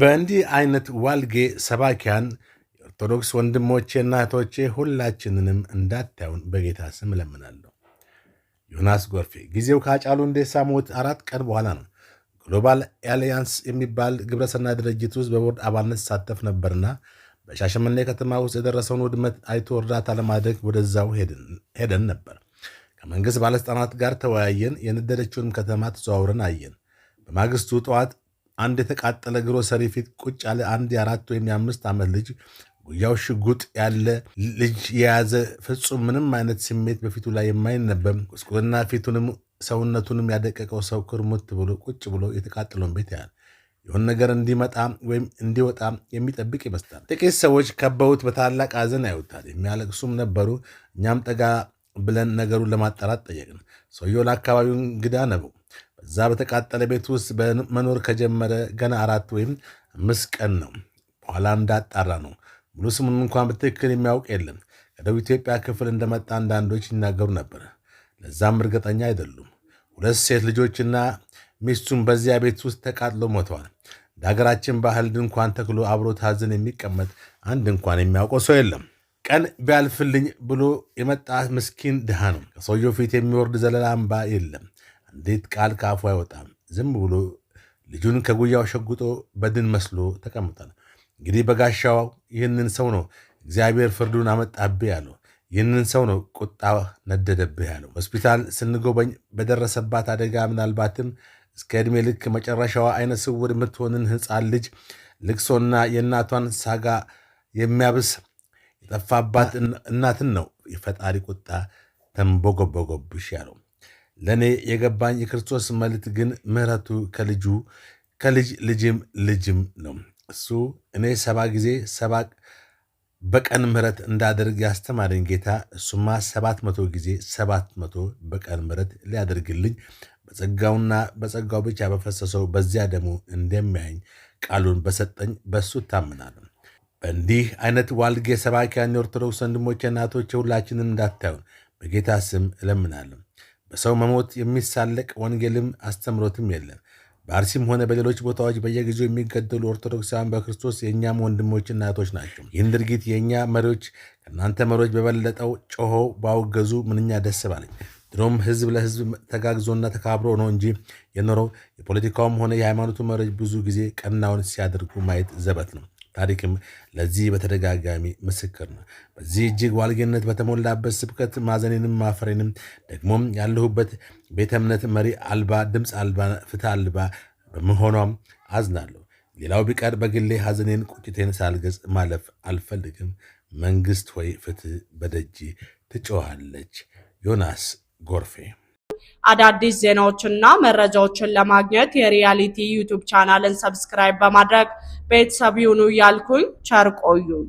በእንዲህ አይነት ዋልጌ ሰባኪያን የኦርቶዶክስ ወንድሞቼና እህቶቼ ሁላችንንም እንዳታዩን በጌታ ስም እለምናለሁ። ዮናስ ጎርፌ። ጊዜው ከአጫሉ ሁንዴሳ ሞት አራት ቀን በኋላ ነው። ግሎባል አሊያንስ የሚባል ግብረሰናይ ድርጅት ውስጥ በቦርድ አባልነት ሳተፍ ነበርና በሻሸመኔ ከተማ ውስጥ የደረሰውን ውድመት አይቶ እርዳታ ለማድረግ ወደዛው ሄደን ነበር። ከመንግስት ባለስልጣናት ጋር ተወያየን። የነደደችውንም ከተማ ተዘዋውረን አየን። በማግስቱ ጠዋት አንድ የተቃጠለ ግሮሰሪ ፊት ቁጭ ያለ አንድ የአራት ወይም የአምስት ዓመት ልጅ ጉያው ሽጉጥ ያለ ልጅ የያዘ ፍጹም ምንም አይነት ስሜት በፊቱ ላይ የማይነበብ ቁስቁልና ፊቱንም ሰውነቱንም ያደቀቀው ሰው ክርሙት ብሎ ቁጭ ብሎ የተቃጠለውን ቤት ያህል የሆነ ነገር እንዲመጣ ወይም እንዲወጣ የሚጠብቅ ይመስላል። ጥቂት ሰዎች ከበውት በታላቅ ሐዘን ያዩታል። የሚያለቅሱም ነበሩ። እኛም ጠጋ ብለን ነገሩን ለማጣራት ጠየቅን። ሰውየው ለአካባቢው እንግዳ ነው። እዛ በተቃጠለ ቤት ውስጥ መኖር ከጀመረ ገና አራት ወይም አምስት ቀን ነው። በኋላ እንዳጣራ ነው ሙሉ ስሙን እንኳን በትክክል የሚያውቅ የለም። ከደቡብ ኢትዮጵያ ክፍል እንደመጣ አንዳንዶች ይናገሩ ነበር። ለዛም እርግጠኛ አይደሉም። ሁለት ሴት ልጆችና ሚስቱን በዚያ ቤት ውስጥ ተቃጥሎ ሞተዋል። እንደ ሀገራችን ባህል ድንኳን ተክሎ አብሮ ታዝን የሚቀመጥ አንድ እንኳን የሚያውቀው ሰው የለም። ቀን ቢያልፍልኝ ብሎ የመጣ ምስኪን ድሃ ነው። ከሰውየው ፊት የሚወርድ ዘለላ አምባ የለም። አንዲት ቃል ከአፉ አይወጣም። ዝም ብሎ ልጁን ከጉያው ሸጉጦ በድን መስሎ ተቀምጧል። እንግዲህ በጋሻው ይህንን ሰው ነው እግዚአብሔር ፍርዱን አመጣብህ ያለው። ይህንን ሰው ነው ቁጣ ነደደብህ ያለው። ሆስፒታል ስንጎበኝ በደረሰባት አደጋ ምናልባትም እስከ ዕድሜ ልክ መጨረሻዋ አይነ ስውር የምትሆንን ህፃን ልጅ ልቅሶና የእናቷን ሳጋ የሚያብስ የጠፋባት እናትን ነው የፈጣሪ ቁጣ ተንቦጎበጎብሽ ያለው። ለእኔ የገባኝ የክርስቶስ መልእክት ግን ምሕረቱ ከልጁ ከልጅ ልጅም ልጅም ነው። እሱ እኔ ሰባ ጊዜ ሰባ በቀን ምሕረት እንዳደርግ ያስተማረኝ ጌታ እሱማ ሰባት መቶ ጊዜ ሰባት መቶ በቀን ምሕረት ሊያደርግልኝ በጸጋውና በጸጋው ብቻ በፈሰሰው በዚያ ደሙ እንደሚያኝ ቃሉን በሰጠኝ በእሱ እታምናለሁ። በእንዲህ አይነት ዋልጌ ሰባኪያን የኦርቶዶክስ ወንድሞቼ እናቶች ሁላችንን እንዳታዩን በጌታ ስም እለምናለሁ። በሰው መሞት የሚሳለቅ ወንጌልም አስተምሮትም የለም። በአርሲም ሆነ በሌሎች ቦታዎች በየጊዜው የሚገደሉ ኦርቶዶክሳውያን በክርስቶስ የእኛም ወንድሞችና እህቶች ናቸው። ይህን ድርጊት የእኛ መሪዎች ከእናንተ መሪዎች በበለጠው ጮኸው ባወገዙ ምንኛ ደስ ባለኝ። ድሮም ህዝብ ለህዝብ ተጋግዞና ተካብሮ ነው እንጂ የኖረው የፖለቲካውም ሆነ የሃይማኖቱ መሪዎች ብዙ ጊዜ ቀናውን ሲያደርጉ ማየት ዘበት ነው። ታሪክም ለዚህ በተደጋጋሚ ምስክር ነው። በዚህ እጅግ ዋልጌነት በተሞላበት ስብከት ማዘኔንም ማፈሬንም ደግሞም ያለሁበት ቤተ እምነት መሪ አልባ፣ ድምፅ አልባ፣ ፍትህ አልባ በመሆኗም አዝናለሁ። ሌላው ቢቀር በግሌ ሐዘኔን፣ ቁጭቴን ሳልገጽ ማለፍ አልፈልግም። መንግስት ወይ ፍትህ በደጅ ትጮኻለች። ዮናስ ጎርፌ አዳዲስ ዜናዎችና መረጃዎችን ለማግኘት የሪያሊቲ ዩቱብ ቻናልን ሰብስክራይብ በማድረግ ቤተሰብ ይሁኑ እያልኩኝ ቸር ቆዩን።